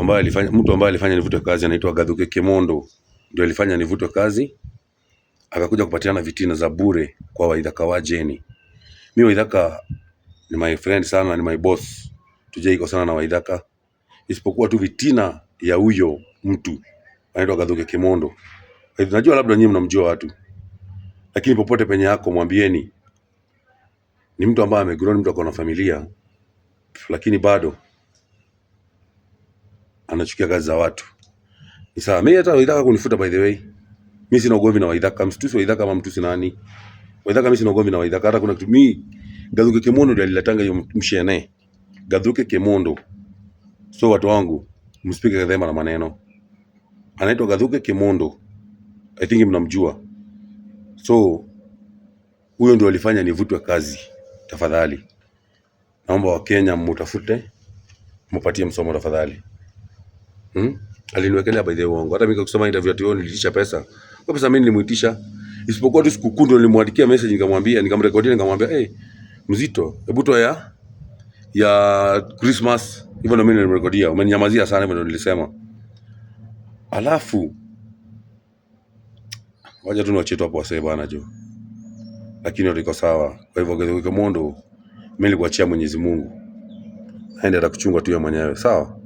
ambaye alifanya mtu ambaye alifanya nivutwe kazi anaitwa Gathuke Kemondo, ndio alifanya nivutwe kazi, akakuja kupatiana vitina za bure kwa Waithaka wajeni. Mimi Waidhaka ni my friend sana, ni my boss, tujai kwa sana na Waidhaka isipokuwa tu vitina ya huyo mtu anaitwa Gathuke Kemondo. Najua labda nyinyi mnamjua watu, lakini popote penye yako mwambieni, ni mtu ambaye amegrow, mtu akona familia, lakini bado anachukia kazi za watu ni sawa. Mimi hata Waithaka kunifuta, by the way, mimi sina ugomvi na Waithaka. Mtusi Waithaka ama mtusi nani? Waithaka, mimi sina ugomvi na Waithaka. Hata kuna kitu mimi Gadhuke Kemondo ndio alilatanga hiyo mshene. Gadhuke Kemondo, so watu wangu msipike kadhema na maneno. Anaitwa Gadhuke Kemondo, I think mnamjua. So huyo ndio alifanya nivutwe kazi. Tafadhali naomba Wakenya mmutafute, mupatie msomo tafadhali. Hmm? Aliniwekelea by the uongo. Hata mimi kusema interview ati wewe nilitisha pesa. Kwa pesa mimi nilimuitisha. Isipokuwa tu siku kundo nilimwandikia message nikamwambia, nikamrekodia nikamwambia, "Eh, hey, mzito, hebu toa ya ya Christmas." Hivyo ndo mimi nilimrekodia. Umeninyamazia sana hivyo ndo nilisema. Alafu waje tu niwachetu hapo wasee bwana jo. Lakini waliko sawa. Kwa hivyo kwa Mondo mimi nilikuachia Mwenyezi Mungu. Aende atakuchunga tu yeye mwenyewe, sawa?